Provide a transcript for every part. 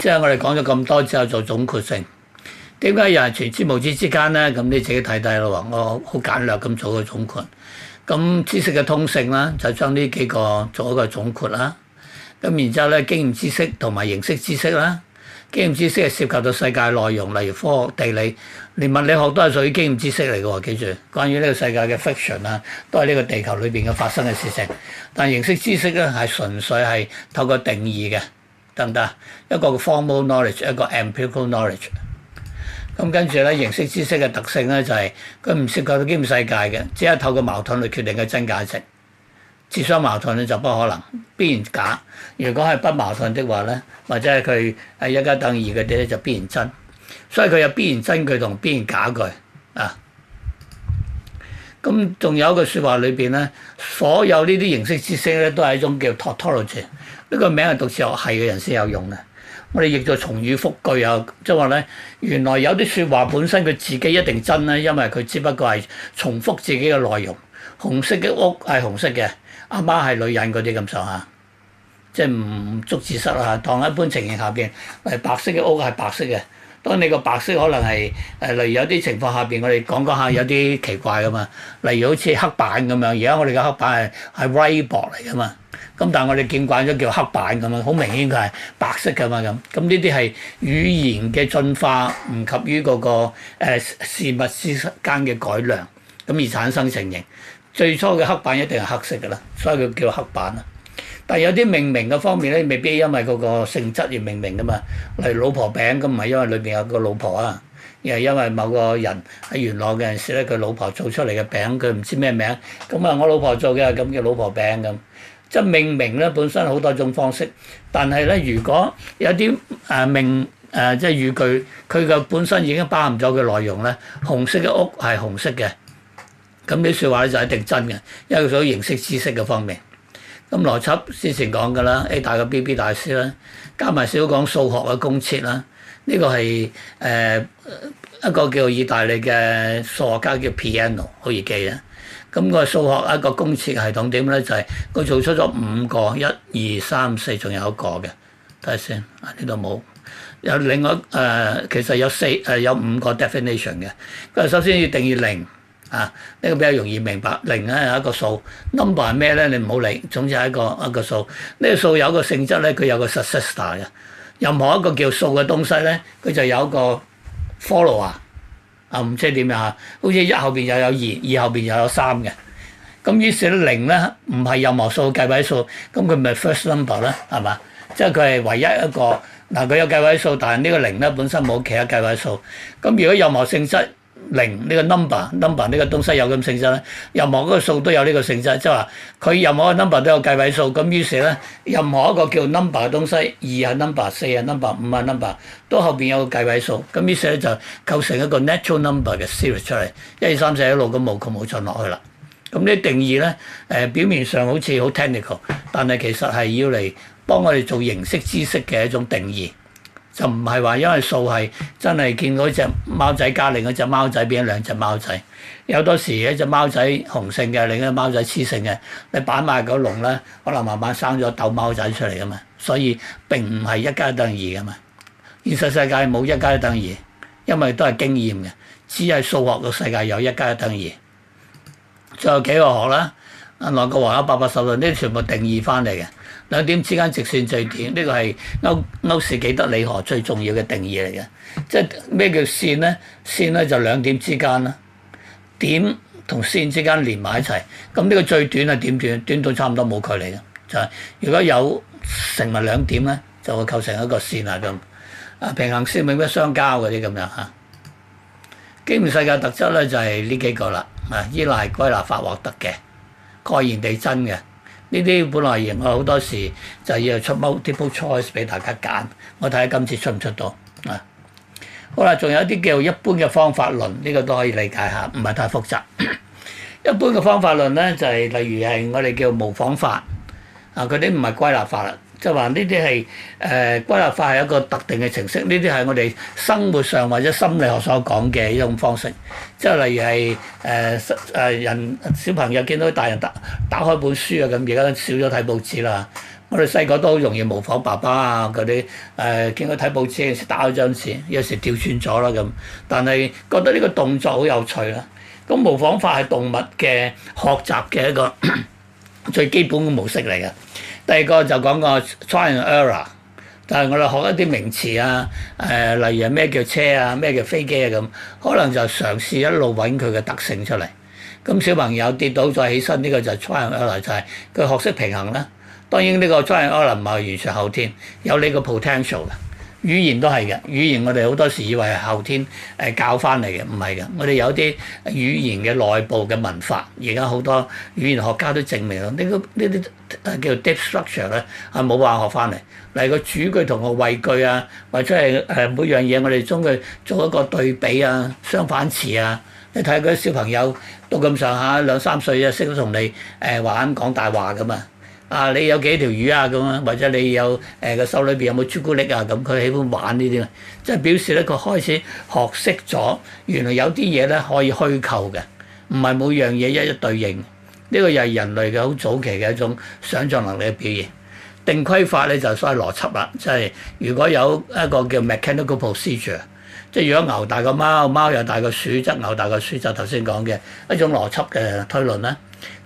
即係我哋講咗咁多之後做總括性，點解又係全知無知之間咧？咁你自己睇睇咯。我好簡略咁做個總括。咁知識嘅通性啦，就將呢幾個做一個總括啦。咁然之後咧，經驗知識同埋形式知識啦，經驗知識係涉及到世界內容，例如科學、地理，連物理學都係屬於經驗知識嚟嘅。記住，關於呢個世界嘅 fiction 啊，都係呢個地球裏邊嘅發生嘅事情。但形式知識咧係純粹係透過定義嘅。得唔得？一個 formal knowledge，一個 empirical knowledge。咁跟住咧，形式知識嘅特性咧就係佢唔涉及到基本世界嘅，只係透過矛盾嚟決定嘅真假值。自相矛盾咧就不可能，必然假。如果係不矛盾的話咧，或者係佢係一加等二嗰啲咧，就必然真。所以佢有必然真句同必然假句啊。咁仲有一句説話裏邊咧，所有呢啲形式知識咧都係一種叫 tautology 呢個名係讀似學系嘅人先有用嘅。我哋亦就重語複句啊，即係話咧，原來有啲説話本身佢自己一定真咧，因為佢只不過係重複自己嘅內容。紅色嘅屋係紅色嘅，阿媽係女人嗰啲咁上下，即係唔足自失啊。當一般情形下邊，誒白色嘅屋係白色嘅。當你個白色可能係誒，例如有啲情況下邊，我哋講講下有啲奇怪噶嘛。例如好似黑板咁樣，而家我哋嘅黑板係係微薄嚟噶嘛。咁但係我哋見慣咗叫黑板咁樣，好明顯佢係白色噶嘛咁。咁呢啲係語言嘅進化，唔及於嗰個事物之間嘅改良，咁而產生成形。最初嘅黑板一定係黑色噶啦，所以佢叫黑板啊。但係有啲命名嘅方面咧，未必因為嗰個性質而命名噶嘛。例如老婆餅，咁唔係因為裏邊有個老婆啊，而係因為某個人喺元朗嘅陣時咧，佢老婆做出嚟嘅餅，佢唔知咩名。咁啊，我老婆做嘅係咁嘅老婆餅咁。即係命名咧，本身好多種方式。但係咧，如果有啲誒名誒即係語句，佢嘅本身已經包含咗佢內容咧，紅色嘅屋係紅色嘅，咁你説話咧就一定真嘅。因為佢所謂形式知識嘅方面。咁邏輯先前講嘅啦，A 大嘅 B B 大先啦，加埋少講數學嘅公設啦，呢、這個係誒一個叫意大利嘅數學家，叫 Piano 好易記啦。咁、那個數學一個公設系統點咧就係、是、佢做出咗五個，一、二、三、四，仲有一個嘅。睇下先，啊呢度冇，有另外誒、呃，其實有四誒、呃、有五個 definition 嘅。佢首先要定義零。啊！呢個比較容易明白，零咧係一個數，number 係咩咧？你唔好理，總之係一個一個數。呢個數有一個性質咧？佢有個 successor 嘅。任何一個叫數嘅東西咧，佢就有一個 follow 啊，啊唔知點樣嚇？好似一後邊又有二，二後邊又有三嘅。咁於是零咧唔係任何數嘅計位數，咁佢咪 first number 咧？係嘛？即係佢係唯一一個嗱，佢有計位數，但係呢個零咧本身冇其他計位數。咁如果有冇性質？零呢個 number，number 呢 number 個東西有咁性質咧，任何一個數都有呢個性質，即係話佢任何一個 number 都有計位數。咁於是咧，任何一個叫 number 嘅東西，二係 number，四係 number，五係 number，都後邊有個計位數。咁於是咧就構成一個 natural number 嘅 series 出嚟，一、二、嗯、三、四、一路咁冇咁無盡落去啦。咁呢個定義咧，誒、呃、表面上好似好 technical，但係其實係要嚟幫我哋做形式知識嘅一種定義。就唔係話因為數係真係見到一隻貓仔加另一隻貓仔變兩隻貓仔，有多時一隻貓仔雄性嘅，另一隻貓仔雌性嘅，你擺埋個籠咧，可能慢慢生咗鬥貓仔出嚟啊嘛。所以並唔係一加一等二嘅嘛，現實世界冇一加一等二，因為都係經驗嘅，只係數學個世界有一加一等二。最後幾何學啦，阿羅格華有百八十度，呢啲全部定義翻嚟嘅。兩點之間直線最短，呢、這個係歐歐氏幾得理何最重要嘅定義嚟嘅。即係咩叫線咧？線咧就兩點之間啦。點同線之間連埋一齊，咁呢個最短係點短？短到差唔多冇距離嘅。就係、是、如果有成埋兩點咧，就會構成一個線啊咁。啊，平行線冇乜相交嗰啲咁樣嚇。基本世界特質咧就係呢幾個啦。啊，依賴歸納法獲得嘅，蓋然地真嘅。呢啲本來型，我好多時就要出 multiple choice 俾大家揀，我睇下今次出唔出到啊！好啦，仲有啲叫一般嘅方法論，呢個都可以理解下，唔係太複雜。 一般嘅方法論咧，就係、係、例如係我哋叫模仿法啊，嗰啲唔係歸納法啦。就話呢啲係誒歸納法係一個特定嘅程式，呢啲係我哋生活上或者心理學所講嘅一種方式。即係例如係誒誒人小朋友見到大人打打開本書啊，咁而家少咗睇報紙啦。我哋細個都好容易模仿爸爸啊嗰啲誒見佢睇報紙，有時打開張紙，有時掉轉咗啦咁。但係覺得呢個動作好有趣啦。咁模仿法係動物嘅學習嘅一個 最基本嘅模式嚟嘅。第二個就講個 trial and error，但係我哋學一啲名詞啊，誒、呃，例如咩叫車啊，咩叫飛機啊咁，可能就嘗試一路揾佢嘅特性出嚟。咁小朋友跌倒再起身，呢、這個就係 trial and error，就係佢學識平衡啦。當然呢個 trial and error 唔係完全後天，有呢個 potential 嘅。語言都係嘅，語言我哋好多時以為係後天誒教翻嚟嘅，唔係嘅。我哋有啲語言嘅內部嘅文化，而家好多語言學家都證明咯，呢個呢啲誒叫做 deep structure 咧，係冇話學翻嚟。例如個主句同個謂句啊，或者係誒每樣嘢，我哋將佢做一個對比啊、相反詞啊。你睇佢啲小朋友讀咁上下，兩三歲啊，識得同你誒玩講大話噶嘛。啊！你有幾條魚啊？咁啊，或者你有誒個、呃、手裏邊有冇朱古力啊？咁佢喜歡玩呢啲，即係表示咧佢開始學識咗原來有啲嘢咧可以虛構嘅，唔係每樣嘢一一對應。呢個又係人類嘅好早期嘅一種想像能力嘅表現。定規法咧就所謂邏輯啦，即係如果有一個叫 mechanical procedure，即係如果牛大過貓，貓又大過鼠，則牛大過鼠就頭先講嘅一種邏輯嘅推論啦。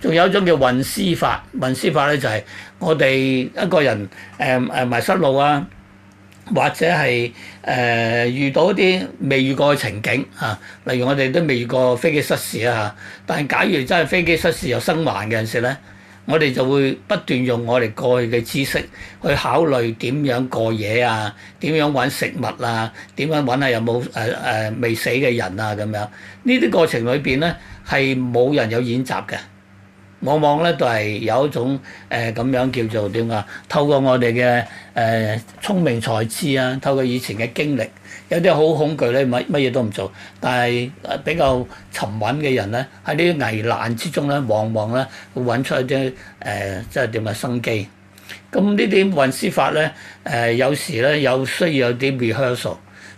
仲有一種叫運思法，運思法咧就係我哋一個人誒誒埋失路啊，或者係誒遇到啲未遇過嘅情景嚇，例如我哋都未遇過飛機失事啊嚇。但係假如真係飛機失事又生還嘅陣時咧，我哋就會不斷用我哋過去嘅知識去考慮點樣過夜啊，點樣揾食物啊，點樣揾下有冇誒誒未死嘅人啊咁樣。呢啲過程裏邊咧係冇人有演習嘅。往往咧都係有一種誒咁、呃、樣叫做點啊，透過我哋嘅誒聰明才智啊，透過以前嘅經歷，有啲好恐懼咧，乜乜嘢都唔做。但係比較沉穩嘅人咧，喺呢啲危難之中咧，往往咧會揾出一啲誒，即係點啊生機。咁呢啲運思法咧，誒、呃、有時咧有需要有啲 research。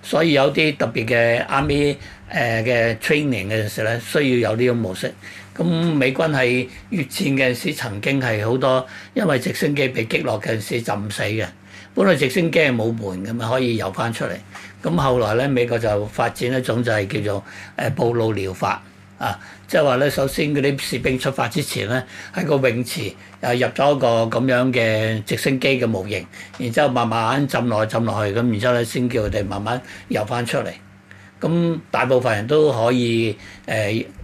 所以有啲特別嘅 Army 誒嘅 training 嘅時咧，需要有呢種模式。咁美軍喺越戰嘅時曾經係好多因為直升機被擊落嘅時浸死嘅，本來直升機係冇門嘅嘛，可以遊翻出嚟。咁後來咧，美國就發展一種就係叫做誒暴露療法。啊！即係話咧，首先嗰啲士兵出發之前咧，喺個泳池入咗一個咁樣嘅直升機嘅模型，然之後慢慢浸落去，去，浸落去咁，然之後咧先叫佢哋慢慢游翻出嚟。咁大部分人都可以誒誒、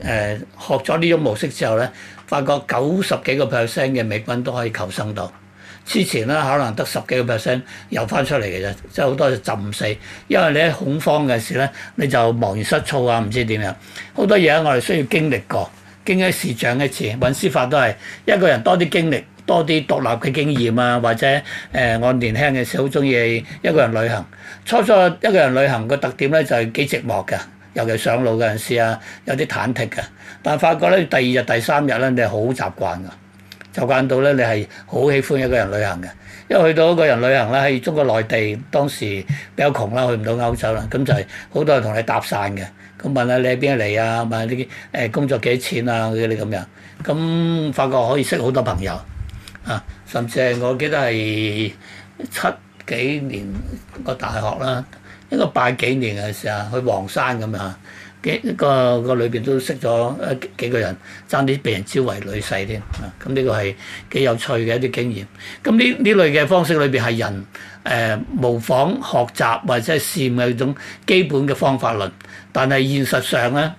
呃呃、學咗呢種模式之後咧，發覺九十幾個 percent 嘅美軍都可以求生到。之前咧可能得十幾個 percent 又翻出嚟嘅啫，即係好多就浸死，因為你喺恐慌嘅時咧，你就茫然失措啊，唔知點樣。好多嘢我哋需要經歷過，經一事長一次。揾司法都係一個人多啲經歷，多啲獨立嘅經驗啊，或者誒我年輕嘅時候好中意一個人旅行。初初一個人旅行個特點咧就係幾寂寞㗎，尤其上路嘅時啊，有啲忐忑㗎，但係發覺咧第二日第三日咧你係好習慣㗎。就習慣到咧，你係好喜歡一個人旅行嘅，因為去到一個人旅行咧，喺中國內地當時比較窮啦，去唔到歐洲啦，咁就係好多人同你搭訕嘅，咁問下你喺邊度嚟啊，問啲誒工作幾錢啊嗰啲咁樣，咁發覺可以識好多朋友啊，甚至係我記得係七幾年個大學啦，應該八幾年嘅時候去黃山咁樣。嘅個個裏邊都識咗一幾個人，爭啲畀人招為女婿添，啊、嗯！咁呢個係幾有趣嘅一啲經驗。咁呢呢類嘅方式裏邊係人誒、呃、模仿學習或者試驗嘅一種基本嘅方法論，但係現實上咧，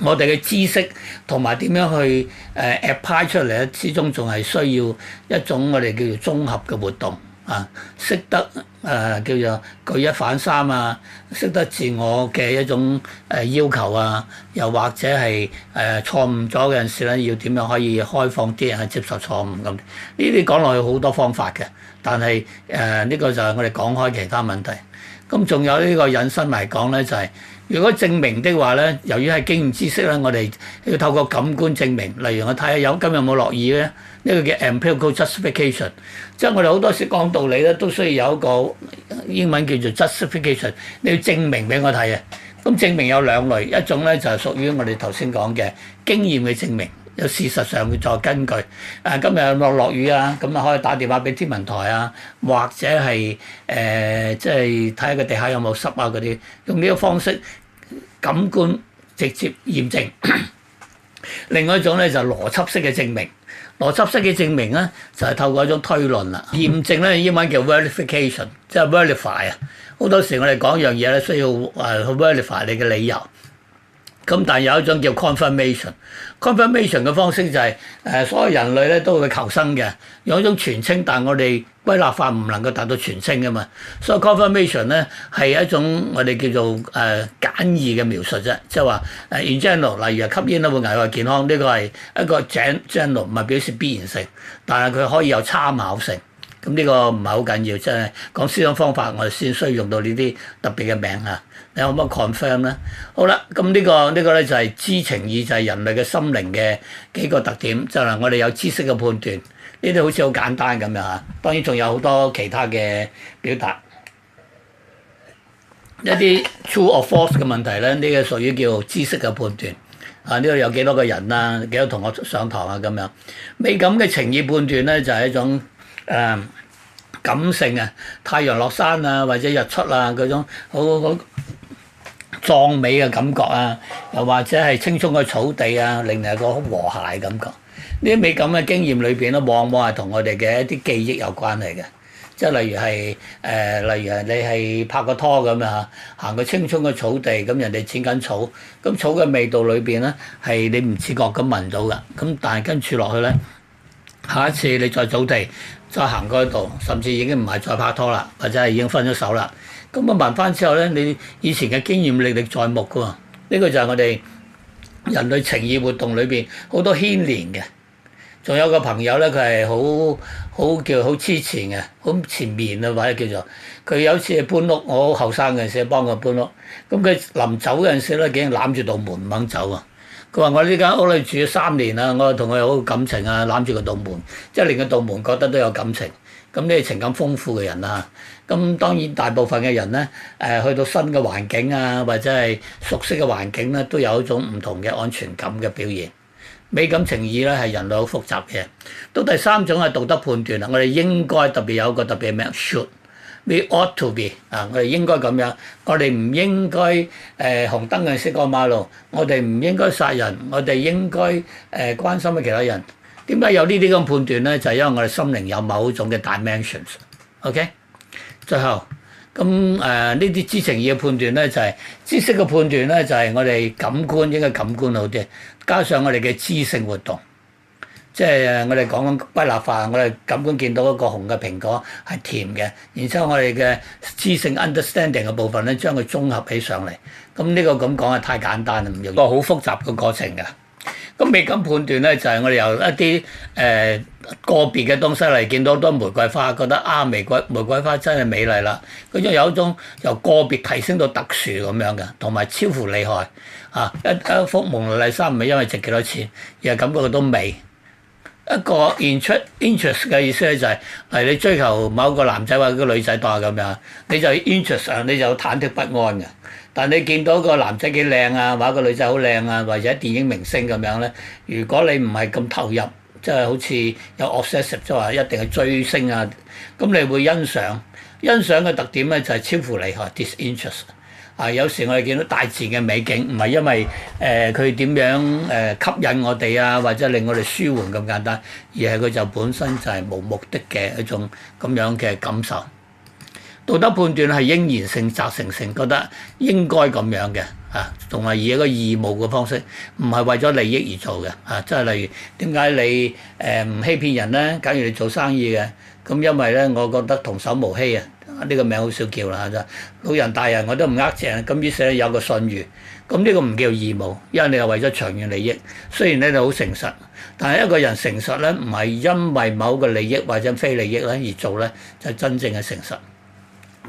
我哋嘅知識同埋點樣去誒 apply 出嚟咧，始終仲係需要一種我哋叫做綜合嘅活動。啊，識得誒、呃、叫做舉一反三啊，識得自我嘅一種誒要求啊，又或者係誒、呃、錯誤咗嘅陣時咧，要點樣可以開放啲人去接受錯誤咁？呢啲講落去好多方法嘅，但係誒呢個就係我哋講開其他問題。咁、嗯、仲有呢個引申嚟講咧，就係、是、如果證明的話咧，由於係經驗知識咧，我哋要透過感官證明。例如我睇下有今日有冇落雨咧。呢個叫 empirical justification，即係我哋好多時講道理咧，都需要有一個英文叫做 justification，你要證明俾我睇啊。咁證明有兩類，一種咧就係屬於我哋頭先講嘅經驗嘅證明，有事實上嘅再根據。誒，今日落落雨啊，咁可以打電話俾天文台啊，或者係誒即係睇下個地下有冇濕啊嗰啲，用呢個方式感官直接驗證。另外一種咧就係邏輯式嘅證明。邏輯式嘅證明咧，就係透過一種推論啦。驗證咧，英文叫 verification，即係 verify。好多時候我哋講一樣嘢咧，需要去 verify 你嘅理由。咁但係有一種叫 confirmation，confirmation 嘅 confirmation 方式就係誒所有人類咧都會求生嘅，有一種全稱，但係我哋歸納法唔能夠達到全稱嘅嘛，所、so、以 confirmation 咧係一種我哋叫做誒簡易嘅描述啫，即係話誒 in general，例如吸煙都會危害健康，呢、這個係一個 in general，唔係表示必然性，但係佢可以有參考性。咁呢個唔係好緊要，即係講思想方法，我哋先需要用到呢啲特別嘅名嚇。你可唔可以 confirm 呢？好啦，咁、這、呢個呢、這個咧就係知情意，就係、是、人類嘅心靈嘅幾個特點，就係、是、我哋有知識嘅判斷。呢啲好似好簡單咁樣嚇。當然仲有好多其他嘅表達，一啲 true or false 嘅問題呢，呢、這個屬於叫知識嘅判斷。啊，呢度有幾多個人啊？幾多同學上堂啊？咁樣美感嘅情意判斷呢，就係一種。誒感性啊，太陽落山啊，或者日出啊，嗰種好好壯美嘅感覺啊，又或者係青葱嘅草地啊，令你有一個好和諧嘅感覺。呢啲美感嘅經驗裏邊咧，往往係同我哋嘅一啲記憶有關嚟嘅。即係例如係誒、呃，例如係你係拍個拖咁啊，行過青葱嘅草地，咁人哋剪緊草，咁草嘅味道裏邊呢，係你唔自覺咁聞到㗎，咁但係跟住落去呢。下一次你再早地，再行過嗰度，甚至已經唔係再拍拖啦，或者係已經分咗手啦。咁我問翻之後咧，你以前嘅經驗歷歷在目噶喎。呢、這個就係我哋人類情義活動裏邊好多牽連嘅。仲有個朋友咧，佢係好好叫好痴情嘅，好纏綿啊，或者叫做佢有一次係搬屋，我好後生嘅時候幫佢搬屋，咁佢臨走嗰陣時咧，竟然攬住道門唔肯走啊！佢話：我呢間屋裏住咗三年啦，我同佢有好感情啊，攬住個道門，即係令個道門覺得都有感情。咁呢啲情感豐富嘅人啦，咁當然大部分嘅人咧，誒去到新嘅環境啊，或者係熟悉嘅環境咧，都有一種唔同嘅安全感嘅表現。美感情意咧係人類好複雜嘅。到第三種係道德判斷啦，我哋應該特別有一個特別嘅名 s We ought to be 啊、uh，我哋應該咁樣，我哋唔應該誒、呃、紅燈嘅熄過馬路，我哋唔應該殺人，我哋應該誒、呃、關心嘅其他人。點解有呢啲咁判斷咧？就係、是、因為我哋心靈有某種嘅 dimensions。OK，最後咁誒呢啲知情意嘅判斷咧，就係、是、知識嘅判斷咧，就係、是、我哋感官應該感官好啲，加上我哋嘅知性活動。即係我哋講緊歸納法，我哋感官見到一個紅嘅蘋果係甜嘅，然之後我哋嘅知性 understanding 嘅部分咧，將佢綜合起上嚟。咁呢個咁講係太簡單啦，唔要用個好複雜嘅過程嘅。咁未敢判斷咧，就係、是、我哋由一啲誒、呃、個別嘅東西嚟見到好多玫瑰花，覺得啊玫瑰玫瑰花真係美麗啦。佢仲有一種由個別提升到特殊咁樣嘅，同埋超乎厲害啊！一一幅蒙娜麗莎唔係因為值幾多錢，而係感覺到美。一個 intrigue interest 嘅意思咧就係、是，嗱你追求某個男仔或者個女仔吧咁樣，你就 interest 上你就忐忑不安嘅。但你見到個男仔幾靚啊，或者個女仔好靚啊，或者電影明星咁樣咧，如果你唔係咁投入，即、就、係、是、好似有 obsessive 即係話一定係追星啊，咁你會欣賞。欣賞嘅特點咧就係超乎你學 disinterest。啊！有時我哋見到大自然嘅美景，唔係因為誒佢點樣誒吸引我哋啊，或者令我哋舒緩咁簡單，而係佢就本身就係冇目的嘅一種咁樣嘅感受。道德判斷係應然性、責成性，覺得應該咁樣嘅啊，同埋以一個義務嘅方式，唔係為咗利益而做嘅啊。即係例如點解你誒唔欺騙人咧？假如你做生意嘅，咁因為咧，我覺得童叟無欺啊。呢個名好少叫啦，真。老人大人我都唔呃秤，咁於是有個信譽。咁、這、呢個唔叫義務，因為你係為咗長遠利益。雖然你好誠實，但係一個人誠實咧，唔係因為某個利益或者非利益咧而做咧，就是、真正嘅誠實。呢、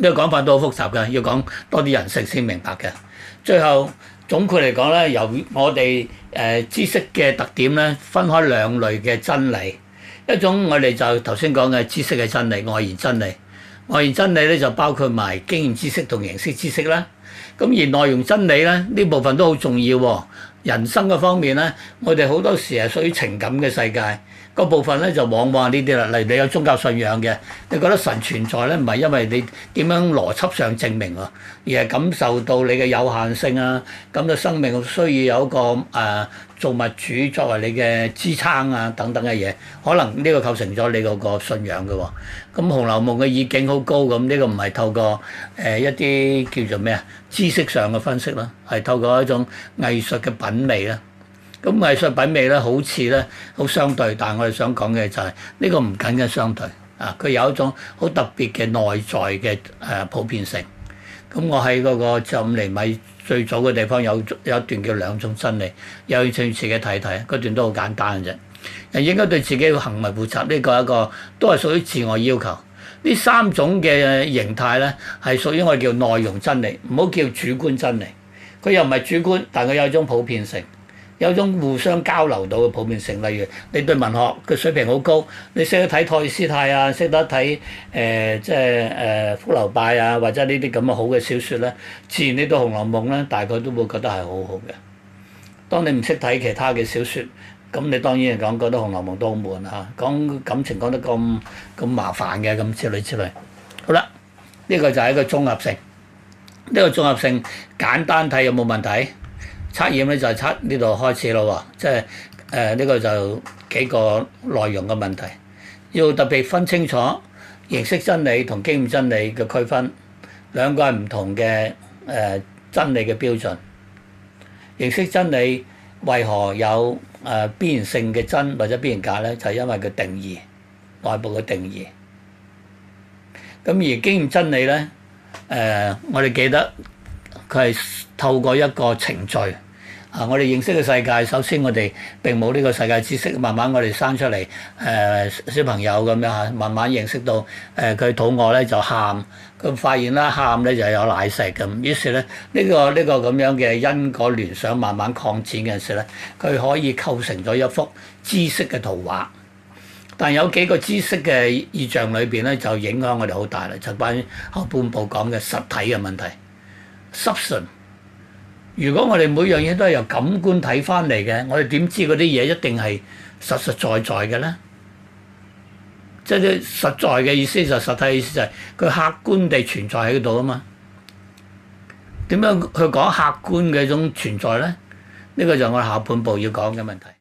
這個講法都好複雜嘅，要講多啲人性先明白嘅。最後總括嚟講咧，由我哋誒知識嘅特點咧，分開兩類嘅真理。一種我哋就頭先講嘅知識嘅真理，外延真理。外延真理咧就包括埋經驗知識同形式知識啦，咁而內容真理咧呢部分都好重要喎。人生嘅方面咧，我哋好多時係屬於情感嘅世界，個部分咧就往往呢啲啦。例如你有宗教信仰嘅，你覺得神存在咧，唔係因為你點樣邏輯上證明喎，而係感受到你嘅有限性啊，感到生命需要有一個誒、啊、造物主作為你嘅支撐啊等等嘅嘢，可能呢個構成咗你嗰個信仰㗎喎。咁、嗯《紅樓夢》嘅意境好高咁，呢、嗯呢個唔係透過誒、呃、一啲叫做咩啊？知識上嘅分析啦，係透過一種藝術嘅品味啦。咁藝術品味咧，好似咧好相對，但係我哋想講嘅就係呢個唔僅僅相對啊，佢有一種好特別嘅內在嘅誒普遍性。咁我喺嗰個《十五釐米》最早嘅地方有有一段叫兩種真理，有興趣自己睇睇，嗰段都好簡單嘅啫。人應該對自己嘅行為負責，呢個一個都係屬於自我要求。呢三種嘅形態咧，係屬於我哋叫內容真理，唔好叫主觀真理。佢又唔係主觀，但係佢有一種普遍性，有種互相交流到嘅普遍性。例如你對文學嘅水平好高，你識得睇《托爾斯泰》啊，識得睇誒即係誒《福樓拜》啊，或者呢啲咁嘅好嘅小説咧，自然呢套《紅樓夢》咧，大概都會覺得係好好嘅。當你唔識睇其他嘅小説。咁你當然係講覺得《紅樓夢》都好悶呀，講感情講得咁咁麻煩嘅咁之類之類。好啦，呢、這個就係一個綜合性。呢、這個綜合性簡單睇有冇問題？測驗呢就係測呢度開始咯喎，即係誒呢個就幾個內容嘅問題，要特別分清楚認識真理同經驗真理嘅區分，兩個係唔同嘅誒、呃、真理嘅標準。認識真理。為何有誒必然性嘅真或者必然假呢？就係因為佢定義內部嘅定義。咁而經驗真理呢，誒我哋記得佢係透過一個程序。啊！我哋認識嘅世界，首先我哋並冇呢個世界知識，慢慢我哋生出嚟，誒、呃、小朋友咁樣嚇，慢慢認識到誒佢、呃、肚餓呢就喊，咁發現啦喊呢，呢就有奶食咁，於是咧呢、這個呢、這個咁樣嘅因果聯想慢慢擴展嘅時候呢，佢可以構成咗一幅知識嘅圖畫。但有幾個知識嘅意象裏邊呢，就影響我哋好大啦，就關於後半部講嘅實體嘅問題，濕唇。如果我哋每樣嘢都係由感官睇翻嚟嘅，我哋點知嗰啲嘢一定係實實在在嘅呢？即係實在嘅意思就實體意思就係佢客觀地存在喺嗰度啊嘛？點樣去講客觀嘅一種存在呢？呢個就我下半部要講嘅問題。